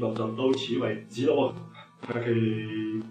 就到此為止咯，下期。